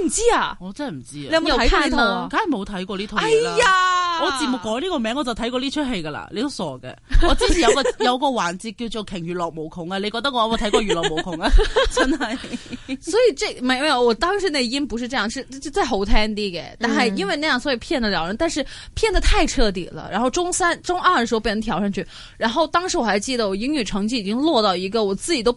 你唔知啊？我真係唔知啊！你有冇睇呢套？梗係冇睇過呢套戲啦。我節目改呢個名，我就睇過呢出戲噶啦。你都傻嘅。 我之前有個有個環節叫做《瓊玉樂無窮》啊，你覺得我有冇睇過《娛樂無窮》啊？ 真係是。所以即係唔係唔係我當時那音不是這樣，是真係好聽啲嘅。但係因為那樣，所以騙得了人，但是騙得太徹底了。然後中三、中二的時候被人調上去，然後當時我還記得我英語成績已經落到一個我自己都。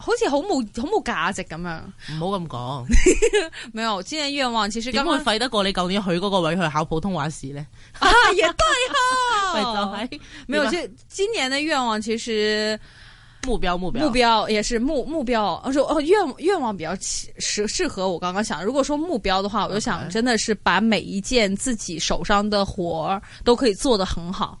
好似好冇好冇價值咁樣，唔好咁講。 沒有，今年願望其實，點會廢得過你舊年去嗰個位去考普通話試呢？ 啊，也對哈廢得係。沒有，這今年的願望其實目標目標目標也是目目標。我說願願、哦、望比較適適合我剛剛想。如果說目標的話，我就想真的是把每一件自己手上的活都可以做得很好。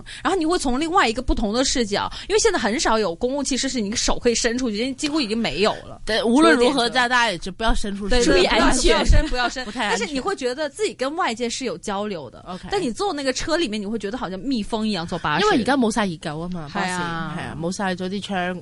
然後你會從另外一個不同的視角，因為現在很少有公共汽車是你手可以伸出去，因為幾乎已經沒有了。對，無論如何，大大家也就不要伸出去，注意安全不，不要伸，不要伸。 不但是你會覺得自己跟外界是有交流的，OK。但你坐那個車裏面，你會覺得好像密封一樣，坐巴士，因為而家冇晒熱狗啊嘛，啊巴士係啊冇晒咗啲窗。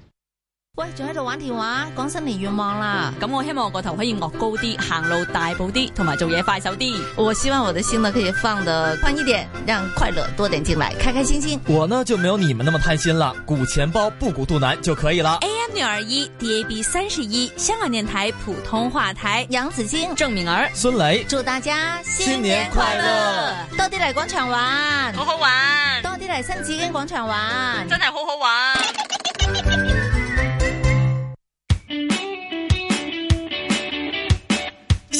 喂，仲喺度玩電話，講新年願望啦！咁、嗯、我希望我個頭可以高啲，行路大步啲，同埋做嘢快手啲。我希望我的心呢，可以放得寬一點，讓快樂多點進來，開開心心。我呢就沒有你們那麼貪心啦，鼓錢包不鼓肚腩就可以了。AM 六二一 DAB 三十一，31，香港電台普通話台，楊紫晶、鄭敏、嗯、兒、孫磊蕾，祝大家新年快樂！多啲嚟廣場玩，好好玩！多啲嚟新紫荊廣場玩，真係好好玩！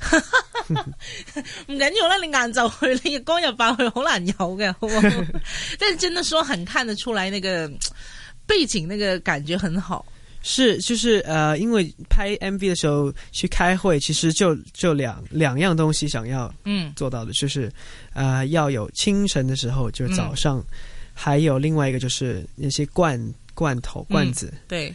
哈哈哈哈唔緊要啦，你晏晝去，你日光日爆去好難有嘅，好唔？但真的說，很看得出來那個背景那個感覺很好。 是，就是呃，因為拍 MV 的時候去開會，其實就就兩兩樣東西想要嗯做到的，嗯、就是呃，要有清晨的時候，就是、早上，嗯、還有另外一個就是那些罐罐頭罐子，嗯、對。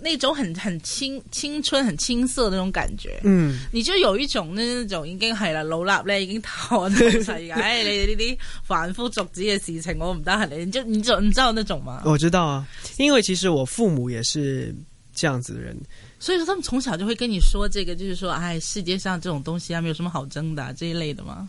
那種很很青青春、很青澀那種感覺，嗯，你就有一種那那種已經係啦，老衲咧已經逃出世界， 哎，你呢啲凡夫俗子嘅事情，我唔得閒你，就你知你，你，你，你知道那種嗎？我知道啊，因為其實我父母也是這樣子的人，所以說他們從小就會跟你說這個，就是說，哎，世界上這種東西啊，沒有什麼好爭的、啊、這一類的嘛。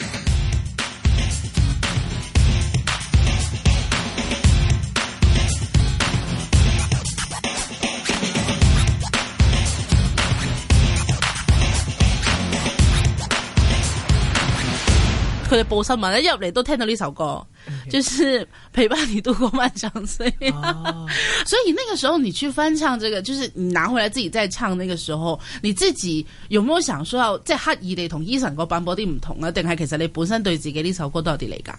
佢哋報新聞，入嚟都聽到呢首歌，Okay. 就是陪伴你度過漫長歲月。Oh. 所以那個時候你去翻唱這個，就是你拿回來自己再唱。那個時候你自己有沒有想說，要即刻意地同 Eason 版本啲唔同啊？定係其實你本身對自己呢首歌理解、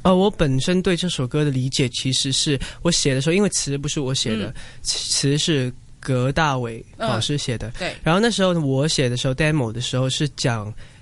啊？我本身對這首歌的理解，其實是我寫的時候，因為詞不是我寫的，詞、嗯、是葛大為老師寫的。對，oh. 然後那時候我寫的時候、oh. demo 的時候是講。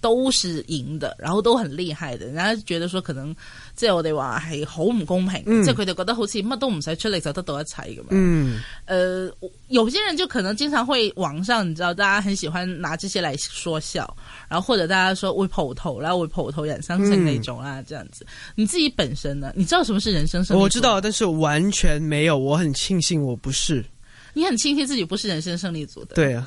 都是贏的，然後都很厲害的，人家覺得說可能即我哋話還好唔公平，即係佢哋覺得好似乜都唔使出力就得到一齊，嗯、呃，有些人就可能經常會網上，你知道，大家很喜歡拿這些來說笑，然後或者大家說我抱頭，然後我抱頭染上性那種啊，嗯、這樣子。你自己本身呢？你知道什麼是人生勝利組嗎？我知道，但是完全沒有。我很慶幸我不是，你很慶幸自己不是人生勝利組的。對啊。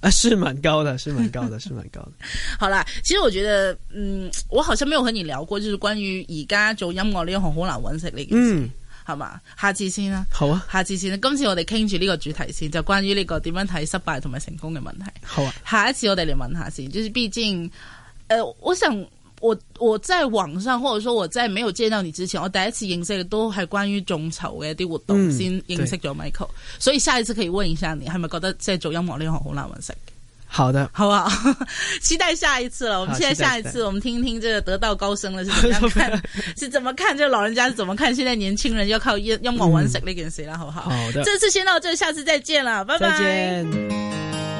啊，是蠻高嘅，是蠻高嘅，是蠻高嘅。好啦，其實我覺得，嗯，我好像沒有和你聊過，就是關於而家做音樂呢行好難搵食呢件事，係嘛、嗯？下次先啦、啊。好啊，下次先啦。今次我哋傾住呢個主題先，就關於呢個點樣睇失敗同埋成功嘅問題。好啊，下一次我哋嚟問下先，就是畢竟，誒、呃，我想。我我在網上，或者說我在沒有見到你之前，我第一次認識的都係關於眾籌嘅一啲活動先認識咗 Michael，、嗯、所以下一次可以問一下你，係咪覺得在做音樂呢好難搵食？好的，好唔好？期待下一次了好我們期待下一次，我們聽一聽這個得道高僧了是怎點看，是怎麼看？這老人家是怎麼看？現在年輕人要靠音樂搵食呢？跟誰啦？了好不好？好的，這次先到這，下次再見了拜拜。Bye bye 再見